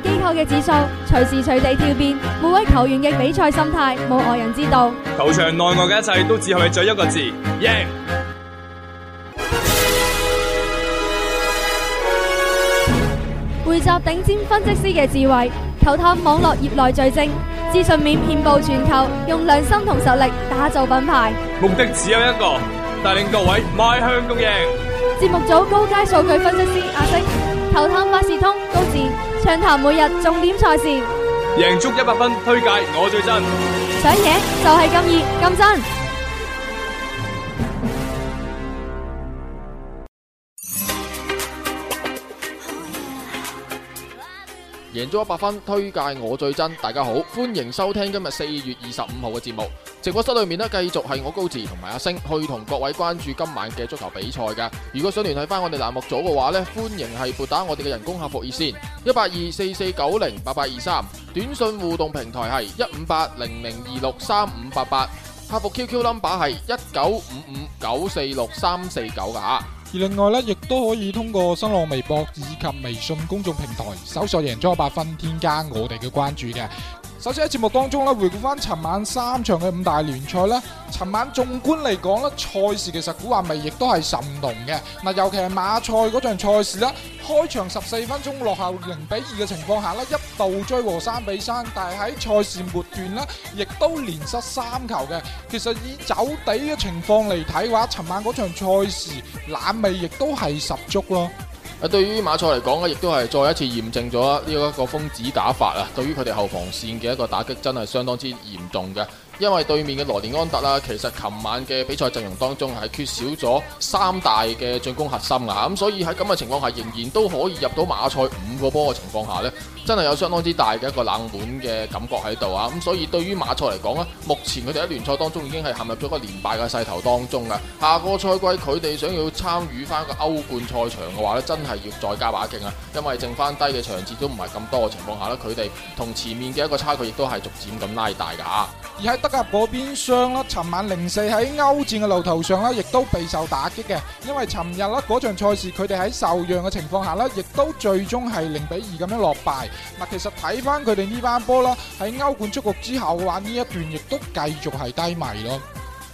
機構嘅指數隨時隨地跳變，每位球員嘅比賽心態冇外人知道。球場內外嘅一切都只係在一個字：贏。匯集頂尖分析師嘅智慧，球探網絡業內最精，資訊面遍布全球，用良心同實力打造品牌。目的只有一個，帶領各位邁向共贏。節目組高階數據分析師阿星，球探百事通高智。暢談每日重點賽事，贏足一百分，推介我最真，想贏就係咁易咁真。贏咗一百分，推介我最真。大家好，歡迎收聽今日四月二十五號嘅節目。直播室裏面呢，繼續係我高志同埋阿星去同各位關注今晚嘅足球比賽嘅。如果想聯繫翻我哋欄目組嘅話呢，歡迎係撥打我哋嘅人工客服熱線一八二四四九零八八二三，短信互動平台係一五八零零二六三五八八，客服 QQ 冧碼係一九五五九四六三四九吓。而另外咧，亦都可以通過新浪微博以及微信公眾平台搜索「贏足一百分」，添加我哋嘅關注嘅。首先喺節目當中咧，回顧翻尋晚三場嘅五大聯賽咧，尋晚縱觀嚟講咧，賽事其實古惑味亦都係甚濃嘅。嗱，尤其係馬賽嗰場賽事啦，開場十四分鐘落後零比二嘅情況下呢，一度追和三比三，但係喺賽事末段呢，亦都連失三球嘅。其實以走地嘅情況嚟睇嘅話，尋晚嗰場賽事冷味亦都係十足咯。對於馬賽嚟講亦都係再一次驗證咗呢一個瘋子打法啊！對於佢哋後防線嘅一個打擊，真係相當之嚴重嘅。因為對面嘅羅甸安特啦，其實琴晚嘅比賽陣容當中係缺少咗三大嘅進攻核心啊！咁所以喺咁嘅情況下，仍然都可以入到馬賽五個波嘅情況下呢真係有相當之大嘅一個冷門嘅感覺喺度啊！咁所以對於馬賽嚟講咧，目前佢哋喺聯賽當中已經係陷入咗個個連敗嘅勢頭當中啊。下個賽季佢哋想要參與翻個歐冠賽場嘅話呢，真係要再加把勁啊！因為剩翻低嘅場次都唔係咁多嘅情況下呢，佢哋同前面嘅一個差距亦都係逐漸咁拉大㗎。而喺德甲嗰邊廂咧，尋晚零四喺歐戰嘅路頭上呢，亦都備受打擊嘅，因為尋日嗰場賽事佢哋喺受讓嘅情況下呢，亦都最終係零比二咁樣落敗。嗱，其實睇返佢哋呢班波啦，喺歐冠出局之後嘅話，呢一段亦都繼續係低迷咯。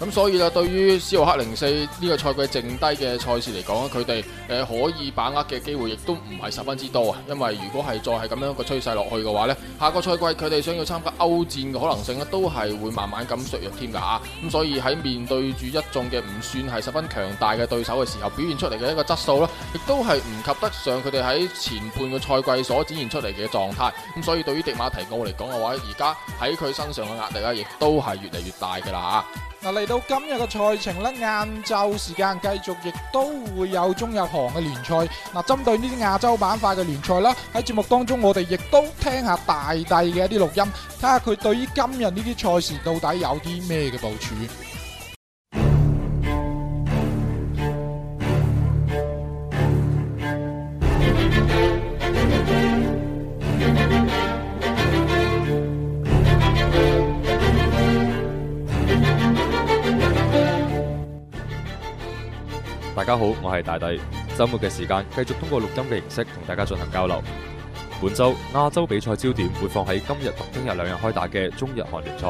咁所以啦，對於史浩克零四呢個賽季剩低嘅賽事嚟講呢，佢哋可以把握嘅機會亦都唔係十分之多啊。因為如果係再係咁樣個趨勢落去嘅話呢，下個賽季佢哋想要參加歐戰嘅可能性呢都係會慢慢咁削弱添㗎。咁所以喺面對住一眾嘅唔算係十分強大嘅對手嘅時候，表現出嚟嘅一個質素呢，亦都係唔及得上佢哋喺前半個賽季所展現出嚟嘅狀態。咁所以對於迪馬提奧嚟講嘅話，而家喺佢身上嘅壓力咧，亦都係越嚟越大嘅啦。嗱，嚟到今日嘅賽程咧，晏晝時間繼續，亦都會有中日韓嘅聯賽。嗱，針對呢啲亞洲板塊嘅聯賽啦，喺節目當中我哋亦都聽下大帝嘅一啲錄音，睇下佢對於今日呢啲賽事到底有啲咩嘅部署。大家好，我係大帝。周末嘅時間繼續通過錄音嘅形式同大家進行交流。本周亞洲比賽焦點會放喺今日同聽日兩日開打嘅中日韓聯賽。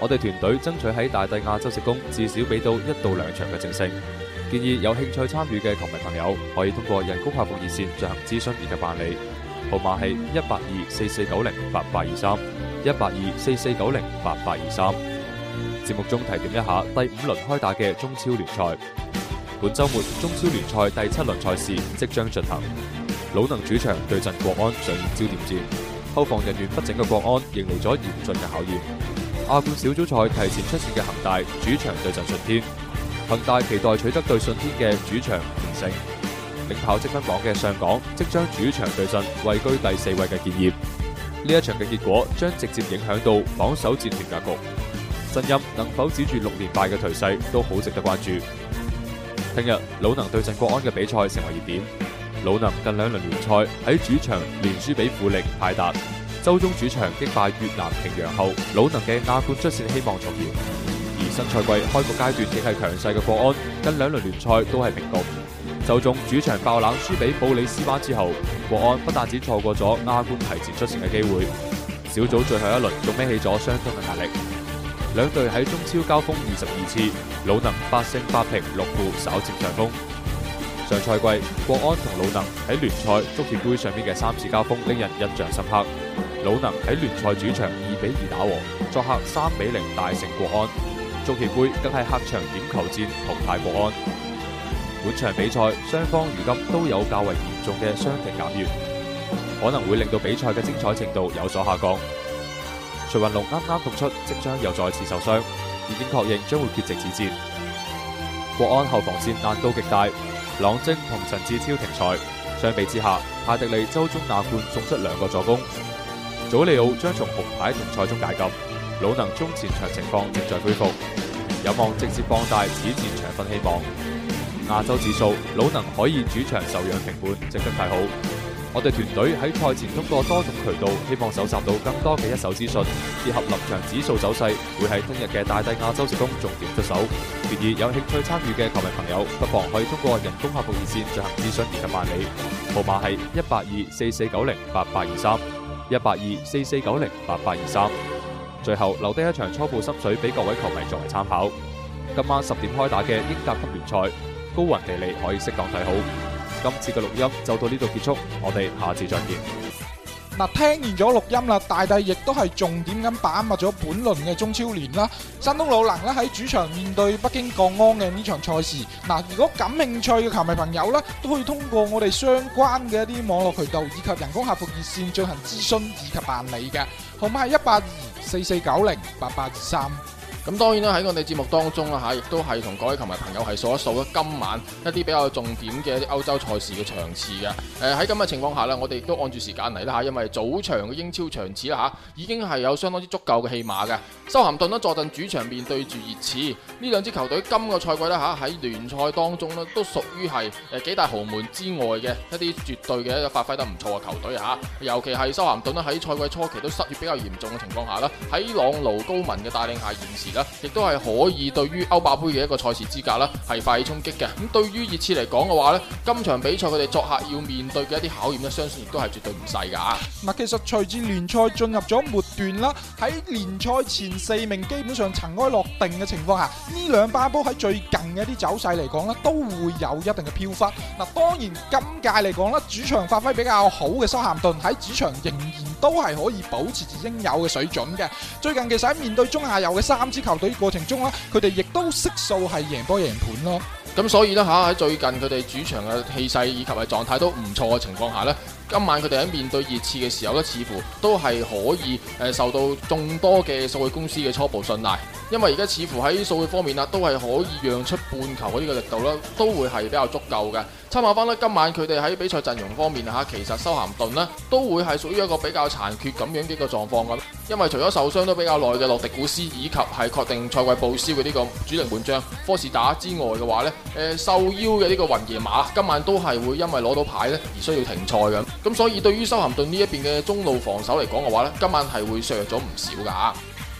我哋團隊爭取喺大帝亞洲食工至少俾到一到兩場嘅正勝。建議有興趣參與嘅球迷朋友可以通過人工客服熱線進行諮詢以及辦理，號碼係一八二四四九零八八二三一八二四四九零八八二三。節目中提點一下第五輪開打嘅中超聯賽。本周末中超聯賽第七輪賽事即將進行，魯能主場對陣國安上演焦點戰，後防人員不整嘅國安迎嚟咗嚴峻嘅考驗。亞冠小組賽提前出線嘅恒大主場對陣舜天，恒大期待取得對舜天嘅主場連勝。領跑積分榜嘅上港即將主場對陣位居第四位嘅建業，呢一場嘅結果將直接影響到榜首戰團格局，申鑫能否止住六連敗嘅頹勢都好值得關注。聽日魯能對陣國安嘅比賽成為熱點。魯能近兩輪聯賽喺主場連輸俾富力派達、泰達。周中主場擊敗越南平陽後，魯能嘅亞冠出線希望重燃。而新賽季開局階段亦係強勢嘅國安，近兩輪聯賽都係平局。就中主場爆冷輸俾布里斯班之後，國安不但止錯過咗亞冠提前出線嘅機會，小組最後一輪仲孭起咗相當嘅壓力。兩隊喺中超交鋒二十二次，魯能八勝八平六負稍佔上風。上賽季，國安同魯能喺聯賽、足協杯上面嘅三次交鋒令人印象深刻。魯能喺聯賽主場二比二打和，作客三比零大勝國安。足協杯更係客場點球戰淘汰國安。本場比賽雙方如今都有較為嚴重嘅傷停減員，可能會令到比賽嘅精彩程度有所下降。徐雲龍啱啱復出，即將又再次受傷，已經確認將會缺席此戰。國安後防線難度極大，朗征同陳志超停賽。相比之下，帕迪利周中亞冠送出兩個助攻，祖利奧將從紅牌停賽中解禁。魯能中前場情況正在恢復，有望直接放大此戰場分希望。亞洲指數，魯能可以主場受讓平半，值得睇好。我哋團隊喺賽前通過多種渠道，希望搜集到更多嘅一手資訊，結合臨場指數走勢，會喺今日嘅大帝亞洲時空重點出手。而有興趣參與嘅球迷朋友，不妨可以通過人工客服熱線進行諮詢及辦理，號碼係一八二四四九零八八二三一八二四四九零八八二三。最後留低一場初步心水俾各位球迷作為參考。今晚十點開打嘅英格級聯賽，高雲地利可以適當睇好。今次嘅錄音就到呢度結束，我哋下次再見。嗱，聽完咗錄音啦，大帝亦都係重點咁把握咗本輪嘅中超聯啦。山東魯能啦喺主場面對北京國安嘅呢場賽事。嗱，如果感興趣嘅球迷朋友咧，都可以通過我哋相關嘅一啲網絡渠道以及人工客服熱線進行諮詢以及辦理嘅號碼係一八二四四九零八八二三。咁當然啦，喺我哋節目當中啦嚇，亦都係同各位球迷朋友係數一數今晚一啲比較重點嘅一啲歐洲賽事嘅場次嘅。誒喺咁嘅情況下啦，我哋亦都按住時間嚟啦嚇，因為早場嘅英超場次啦嚇，已經係有相當之足夠嘅戲碼嘅。修咸頓咧坐鎮主場面對住熱刺，呢兩支球隊今個賽季咧嚇喺聯賽當中咧都屬於係誒幾大豪門之外嘅一啲絕對嘅一個發揮得唔錯嘅球隊啊。尤其係修咸頓咧喺賽季初期都失血比較嚴重嘅情況下啦，喺朗奴高文嘅帶領下現時。亦都係可以對於歐霸盃嘅一個賽事資格啦，係發起衝擊嘅。咁對於熱刺嚟講嘅話咧，今場比賽佢哋作客要面對嘅一啲考驗咧，相信亦都係絕對唔細噶。嗱，其實隨住聯賽進入咗末段啦，喺聯賽前四名基本上塵埃落定嘅情況下，呢兩把波喺最近嘅一啲走勢嚟講咧，都會有一定嘅飄忽。嗱，當然今屆嚟講咧，主場發揮比較好嘅修咸頓喺主場仍然。都係可以保持住應有嘅水準嘅。最近其實喺面對中下游嘅三支球隊的過程中啦，佢哋亦都悉數係贏波贏盤咯。咁所以呢，嚇喺最近佢哋主場嘅氣勢以及係狀態都唔錯嘅情況下呢，今晚佢哋喺面對熱刺嘅時候呢，似乎都係可以誒受到眾多嘅數據公司嘅初步信賴。因為而家似乎喺數據方面啦，都係可以讓出半球嘅呢個力度啦，都會係比較足夠嘅。參考翻啦，今晚佢哋喺比賽陣容方面吓，其實修咸頓呢都會係屬於一個比較殘缺咁樣嘅一個狀況咁。因為除咗受傷都比較耐嘅洛迪古斯以及係確定賽季報銷嘅呢個主力門將科士打之外嘅話呢誒、呃，受邀嘅呢個雲爺馬今晚都係會因為攞到牌呢而需要停賽咁。咁所以對於修咸頓呢一邊嘅中路防守嚟講嘅話呢今晚係會削弱咗唔少噶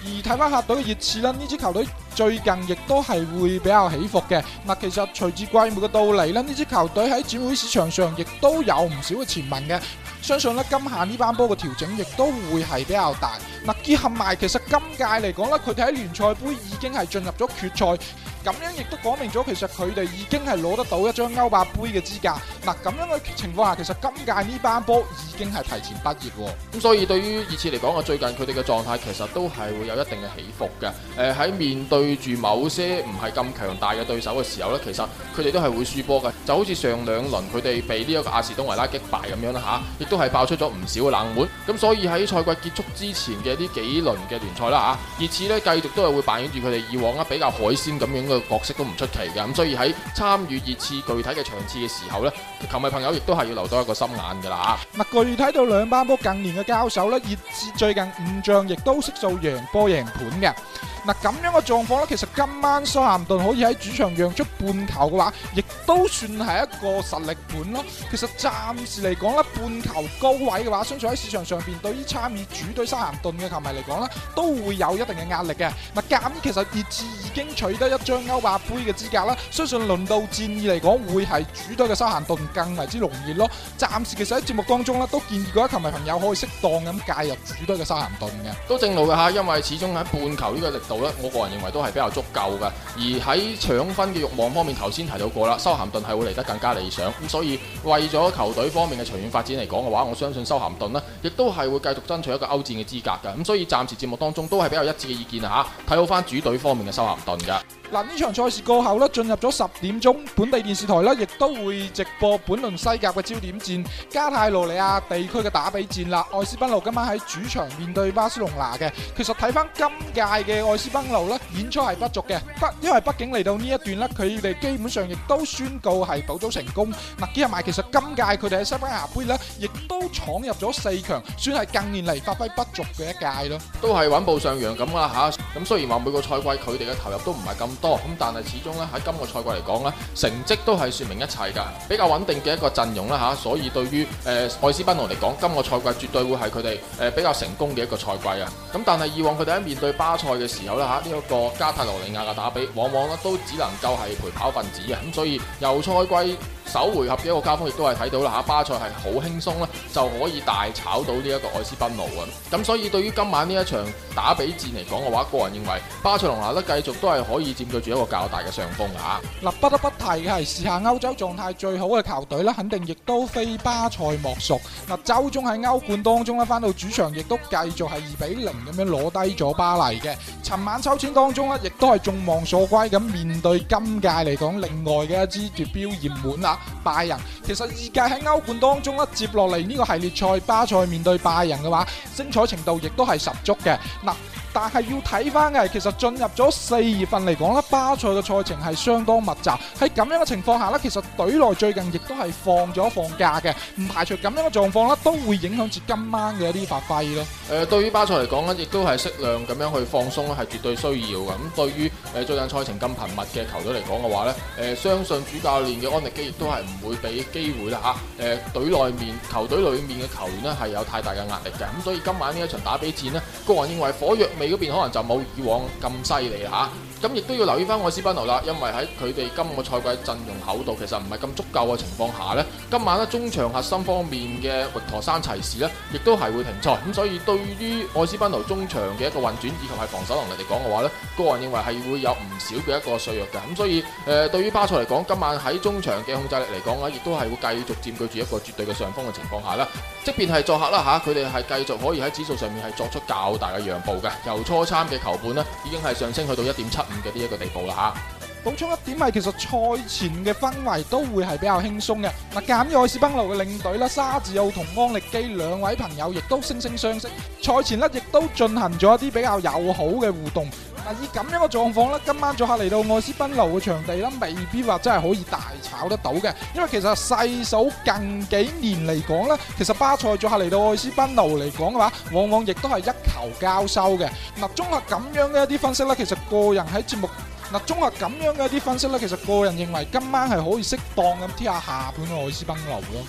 而睇翻客隊嘅熱刺啦，呢支球隊最近亦都係會比較起伏嘅。嗱，其實隨住季末嘅到嚟啦，呢支球隊喺轉會市場上亦都有唔少嘅傳聞嘅。相信咧今夏呢班波嘅調整亦都會係比較大。嗱，結合埋其實今屆嚟講啦，佢哋喺聯賽盃已經係進入咗決賽。咁樣亦都講明咗，其實佢哋已經係攞得到一張歐霸杯嘅資格。嗱，咁樣嘅情況下，其實今屆呢班波已經係提前畢業喎。咁所以對於熱刺嚟講，啊最近佢哋嘅狀態其實都係會有一定嘅起伏嘅。喺、呃、面對住某些唔係咁強大嘅對手嘅時候呢，其實佢哋都係會輸波嘅。就好似上兩輪佢哋被呢一個阿士東維拉擊敗咁樣啦嚇，亦、啊、都係爆出咗唔少嘅冷門。咁所以喺賽季結束之前嘅、啊、呢幾輪嘅聯賽啦嚇，熱刺呢繼續都係會扮演住佢哋以往比較海鮮咁樣個角色都唔出奇嘅，咁所以喺參與熱刺具體嘅場次嘅時候咧，球迷朋友亦都係要留多一個心眼㗎啦嚇。嗱，具體到兩班波近年嘅交手咧，熱刺最近五仗亦都識做贏波贏盤嘅。嗱，咁樣嘅狀況呢，其實今晚修咸頓可以喺主場讓出半球嘅話，亦都算係一個實力盤咯。其實暫時嚟講咧，半球高位嘅話，相信喺市場上邊對於參與主隊修咸頓嘅球迷嚟講咧，都會有一定嘅壓力嘅。嗱，咁其實熱刺已經取得一張歐霸杯嘅資格啦，相信輪到戰意嚟講，會係主隊嘅修咸頓更為之濃熱咯。暫時其實喺節目當中咧，都建議嗰啲球迷朋友可以適當咁介入主隊嘅修咸頓嘅。都正路嘅嚇，因為始終喺半球呢個力。我個人認為都係比較足夠嘅，而喺搶分嘅欲望方面，頭先提到過啦，修咸頓係會嚟得更加理想，咁所以為咗球隊方面嘅長遠發展嚟講嘅話，我相信修咸頓呢亦都係會繼續爭取一個歐戰嘅資格嘅，咁所以暫時節目當中都係比較一致嘅意見啊，睇好翻主隊方面嘅修咸頓嘅。嗱呢場賽事過後咧，進入咗十點鐘，本地電視台咧亦都會直播本輪西甲嘅焦點戰——加泰羅尼亞地區嘅打比戰啦。愛斯賓奴今晚喺主場面對巴塞隆拿嘅。其實睇翻今屆嘅愛斯賓奴咧，演出係不俗嘅，不因為畢竟嚟到呢一段咧，佢哋基本上亦都宣告係保組成功。嗱，兼埋其實今屆佢哋喺西班牙杯咧，亦都闖入咗四強，算係近年嚟發揮不俗嘅一屆咯。都係穩步上揚咁啦嚇。咁雖然話每個賽季佢哋嘅投入都唔係咁。多咁，但係始終咧喺今個賽季嚟講咧，成績都係説明一切㗎，比較穩定嘅一個陣容啦嚇，所以對於誒愛斯賓奴嚟講，今個賽季絕對會係佢哋誒比較成功嘅一個賽季啊。咁但係以往佢哋喺面對巴塞嘅時候咧嚇，呢一個加泰羅尼亞嘅打比，往往咧都只能夠係陪跑分子啊。咁所以由賽季。首回合嘅一個交鋒亦都係睇到啦，哈巴塞係好輕鬆啦，就可以大炒到呢一個愛斯賓奴啊！咁所以對於今晚呢一場打比戰嚟講嘅話，個人認為巴塞羅那咧繼續都係可以佔據住一個較大嘅上風的啊！嗱、啊，不得不提嘅係時下歐洲狀態最好嘅球隊啦，肯定亦都非巴塞莫屬。嗱、啊，周中喺歐冠當中咧，翻到主場亦都繼續係二比零咁樣攞低咗巴黎嘅。尋晚抽籤當中咧，亦都係眾望所歸咁面對今屆嚟講另外嘅一支奪標熱門啊！拜仁，其實二屆喺歐冠當中咧，接落嚟呢個系列賽巴塞面對拜仁嘅話，精彩程度亦都係十足嘅。嗱，但係要睇翻嘅，其實進入咗四月份嚟講咧，巴塞嘅賽程係相當密集。喺咁樣嘅情況下咧，其實隊內最近亦都係放咗放假嘅。唔排除咁樣嘅狀況啦，都會影響至今晚嘅一啲發揮咯。誒、呃，對於巴塞嚟講咧，亦都係適量咁樣去放鬆咧，係絕對需要嘅。咁對於誒最近賽程咁頻密嘅球隊嚟講嘅話咧，誒、呃，相信主教練嘅安歷基。都係唔會俾機會啦吓，誒、呃、隊裏面球隊裏面嘅球員咧係有太大嘅壓力嘅，咁所以今晚呢一場打比戰咧，個人認為火藥味嗰邊可能就冇以往咁犀利吓。咁亦都要留意翻愛斯班奴啦，因為喺佢哋今個賽季陣容厚度其實唔係咁足夠嘅情況下咧，今晚咧中場核心方面嘅域陀山齊士咧，亦都係會停賽。咁所以對於愛斯班奴中場嘅一個運轉以及係防守能力嚟講嘅話咧，個人認為係會有唔少嘅一個削弱嘅。咁所以誒、呃，對於巴塞嚟講，今晚喺中場嘅控制力嚟講咧，亦都係會繼續佔據住一個絕對嘅上風嘅情況下啦。即便係作客啦嚇，佢哋係繼續可以喺指數上面係作出較大嘅讓步嘅，由初參嘅球盤咧已經係上升去到一點七嘅呢一個地步啦嚇，補充一點係其實賽前嘅氛圍都會係比較輕鬆嘅。嗱，減愛斯賓路嘅領隊啦，沙治奧同安力基兩位朋友亦都惺惺相惜，賽前咧亦都進行咗一啲比較友好嘅互動。以咁樣嘅狀況咧，今晚作客嚟到愛斯賓奴嘅場地咧，未必話真係可以大炒得到嘅。因為其實細數近幾年嚟講咧，其實巴塞作客嚟到愛斯賓奴嚟講嘅話，往往亦都係一球交收嘅。嗱，綜合咁樣嘅一啲分析咧，其實個人喺節目嗱，綜合咁樣嘅一啲分析咧，其實個人認為今晚係可以適當咁睇下下盤嘅愛斯賓奴咯。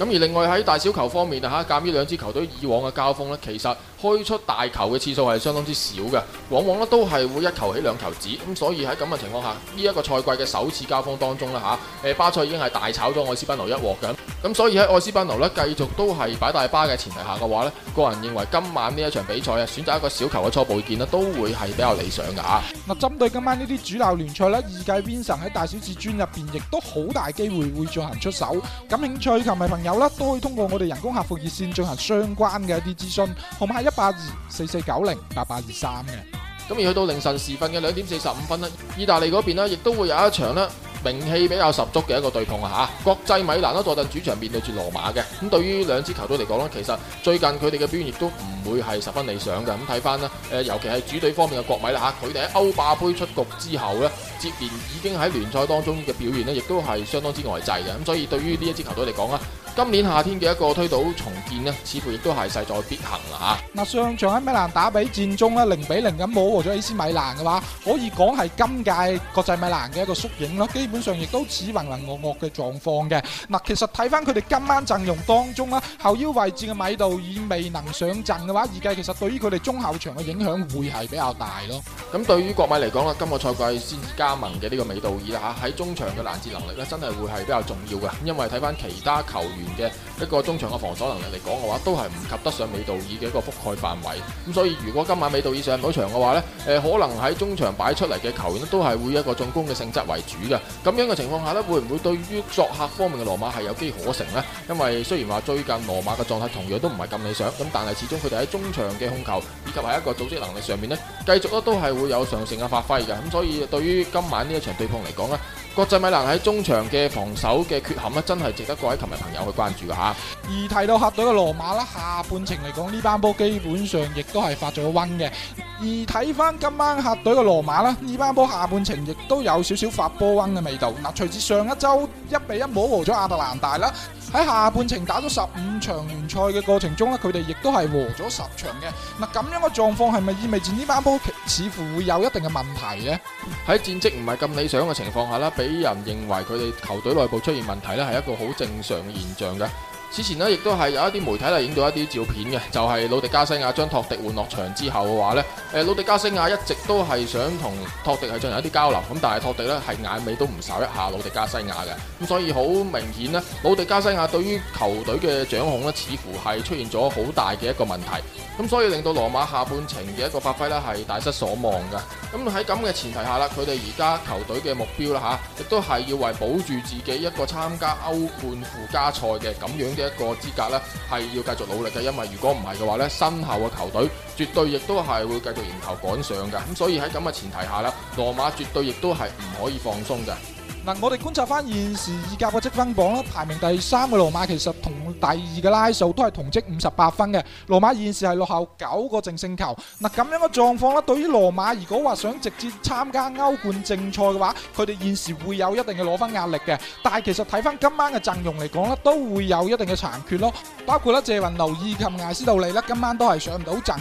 咁而另外喺大小球方面啊，嚇，鑒於兩支球隊以往嘅交鋒呢，其實開出大球嘅次數係相當之少嘅，往往呢都係會一球起兩球止。咁所以喺咁嘅情況下，呢一個賽季嘅首次交鋒當中啦，嚇，巴塞已經係大炒咗愛斯賓奴一鑊嘅。咁所以喺愛斯賓奴呢繼續都係擺大巴嘅前提下嘅話呢，個人認為今晚呢一場比賽啊，選擇一個小球嘅初步見都會係比較理想㗎。嗱，針對今晚呢啲主流聯賽呢二界 Vincent 喺大小至尊入面亦都好大機會會進行出手，感興趣球迷朋友。有啦，都可以通過我哋人工客服熱線進行相關嘅一啲諮詢，號碼係一八二四四九零八八二三嘅。咁而去到凌晨時分嘅兩點四十五分呢，意大利嗰邊呢亦都會有一場呢名氣比較十足嘅一個對碰吓，國際米蘭都坐陣主場面對住羅馬嘅。咁對於兩支球隊嚟講呢，其實最近佢哋嘅表現亦都唔會係十分理想嘅。咁睇翻呢，誒，尤其係主隊方面嘅國米啦吓，佢哋喺歐霸杯出局之後呢，接連已經喺聯賽當中嘅表現呢，亦都係相當之呆滯嘅。咁所以對於呢一支球隊嚟講呢。今年夏天嘅一個推倒重建咧，似乎亦都係勢在必行啦吓。嗱，上場喺米蘭打比戰中咧，零比零咁悶和咗 AC 米蘭嘅話，可以講係今屆國際米蘭嘅一個縮影咯。基本上亦都只混混噩噩嘅狀況嘅。嗱，其實睇翻佢哋今晚陣容當中啦，後腰位置嘅米道爾未能上陣嘅話，預計其實對於佢哋中後場嘅影響會係比較大咯。咁對於國米嚟講啦，今個賽季先至加盟嘅呢個米道爾吓，喺中場嘅攔截能力咧，真係會係比較重要噶。因為睇翻其他球員。嘅一個中場嘅防守能力嚟講嘅話，都係唔及得上美道爾嘅一個覆蓋範圍。咁所以如果今晚美道爾上到場嘅話呢，誒可能喺中場擺出嚟嘅球員都係會一個進攻嘅性質為主嘅。咁樣嘅情況下呢，會唔會對於作客方面嘅羅馬係有機可乘呢？因為雖然話最近羅馬嘅狀態同樣都唔係咁理想，咁但係始終佢哋喺中場嘅控球以及喺一個組織能力上面呢，繼續咧都係會有上乘嘅發揮嘅。咁所以對於今晚呢一場對碰嚟講呢。國際米蘭喺中場嘅防守嘅缺陷咧，真係值得各位球迷朋友去關注噶吓。而提到客隊嘅羅馬啦，下半程嚟講呢班波基本上亦都係發咗溫嘅。而睇翻今晚客隊嘅羅馬啦，呢班波下半程亦都有少少發波溫嘅味道。嗱，隨住上一周一比一冇和咗亞特蘭大啦。喺下半程打咗十五場聯賽嘅過程中咧，佢哋亦都係和咗十場嘅。嗱，咁樣嘅狀況係咪意味住呢班波似乎會有一定嘅問題呢？喺戰績唔係咁理想嘅情況下呢，俾人認為佢哋球隊內部出現問題呢係一個好正常嘅現象嘅。此前呢，亦都係有一啲媒體係影到一啲照片嘅，就係魯迪加西亞將托迪換落場之後嘅話呢，誒魯迪加西亞一直都係想同托迪係進行一啲交流，咁但係托迪呢係眼尾都唔睄一下魯迪加西亞嘅，咁所以好明顯呢，魯迪加西亞對於球隊嘅掌控呢，似乎係出現咗好大嘅一個問題，咁所以令到羅馬下半程嘅一個發揮呢，係大失所望嘅。咁喺咁嘅前提下啦，佢哋而家球隊嘅目標啦嚇，亦都係要為保住自己一個參加歐冠附加賽嘅咁樣。一個資格咧，係要繼續努力嘅，因為如果唔係嘅話咧，身後嘅球隊絕對亦都係會繼續迎頭趕上嘅，咁所以喺咁嘅前提下咧，羅馬絕對亦都係唔可以放鬆嘅。啊、我哋觀察翻現時意甲嘅積分榜啦，排名第三嘅羅馬其實同第二嘅拉素都係同積五十八分嘅。羅馬現時係落後九個淨勝球。嗱、啊，咁樣嘅狀況啦，對於羅馬如果話想直接參加歐冠正賽嘅話，佢哋現時會有一定嘅攞分壓力嘅。但係其實睇翻今晚嘅陣容嚟講咧，都會有一定嘅殘缺咯，包括咧謝雲奴以及艾斯杜利呢，今晚都係上唔到陣。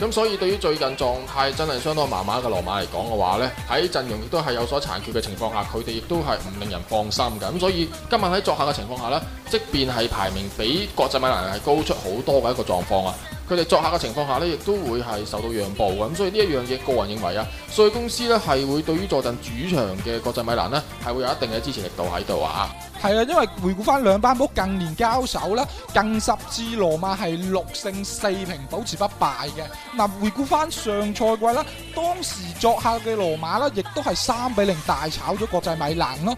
咁所以對於最近狀態真係相當麻麻嘅羅馬嚟講嘅話呢，喺陣容亦都係有所殘缺嘅情況下，佢哋亦都係唔令人放心嘅。咁所以今晚喺作客嘅情況下呢，即便係排名比國際米蘭係高出好多嘅一個狀況啊！佢哋作客嘅情況下呢，亦都會係受到讓步嘅咁，所以呢一樣嘢個人認為啊，賽公司呢係會對於坐鎮主場嘅國際米蘭呢，係會有一定嘅支持力度喺度啊！係啊，因為回顧翻兩班屋近年交手咧，近十次羅馬係六勝四平保持不敗嘅。嗱，回顧翻上賽季啦，當時作客嘅羅馬呢，亦都係三比零大炒咗國際米蘭咯。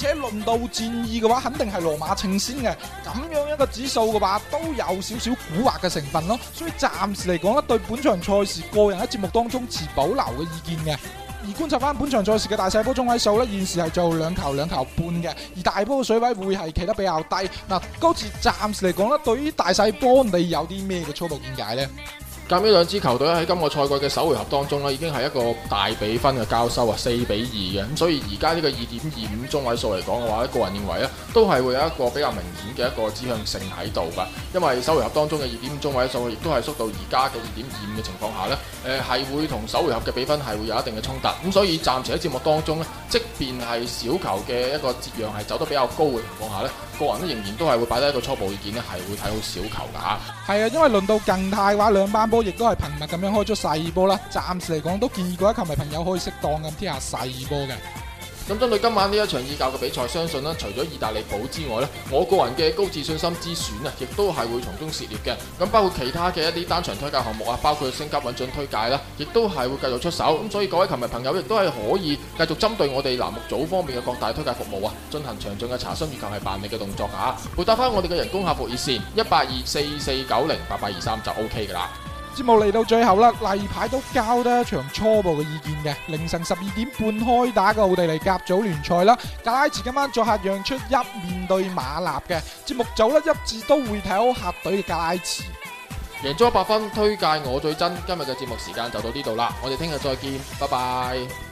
而且輪到戰意嘅話，肯定係羅馬稱先嘅。咁樣一個指數嘅話，都有少少蠱惑嘅成分咯。所以暫時嚟講呢，對本場賽事個人喺節目當中持保留嘅意見嘅。而觀察翻本場賽事嘅大細波中位數呢，現時係做兩球兩球半嘅，而大波嘅水位會係企得比較低。嗱、啊，高志，暫時嚟講呢，對於大細波，你有啲咩嘅初步見解呢？.咁呢兩支球隊喺今個賽季嘅首回合當中咧，已經係一個大比分嘅交收啊，四比二嘅。咁所以而家呢個二點二五中位數嚟講嘅話咧，個人認為咧，都係會有一個比較明顯嘅一個指向性喺度㗎。因為首回合當中嘅二點五中位數，亦都係縮到而家嘅二點二五嘅情況下呢，誒係會同首回合嘅比分係會有一定嘅衝突。咁所以暫時喺節目當中咧，即便係小球嘅一個節讓係走得比較高嘅，情況下咧。個人仍然都係會擺低一個初步意見咧，係會睇好小球噶嚇。係啊，因為輪到加泰嘅話，兩班波亦都係頻密咁樣開咗細波啦。暫時嚟講，都建議嗰啲球迷朋友可以適當咁聽下細波嘅。咁針對今晚呢一場意教嘅比賽，相信呢，除咗意大利堡之外呢，我個人嘅高自信心之選亦都係會從中涉獵嘅。咁包括其他嘅一啲單場推介項目啊，包括升級穩進推介啦，亦都係會繼續出手。咁所以各位球迷朋友亦都係可以繼續針對我哋欄目組方面嘅各大推介服務啊，進行詳盡嘅查詢以及係辦理嘅動作吓。撥打翻我哋嘅人工客服熱線一八二四四九零八八二三就 O K 噶啦。節目嚟到最後啦，例牌都交得一場初步嘅意見嘅。凌晨十二點半開打嘅奧地利甲組聯賽啦，格拉茨今晚作客讓出一面對馬納嘅節目組呢一致都會睇好客隊嘅格拉茨，贏足 100FUN 推介我最真。今日嘅節目時間就到呢度啦，我哋聽日再見，拜拜。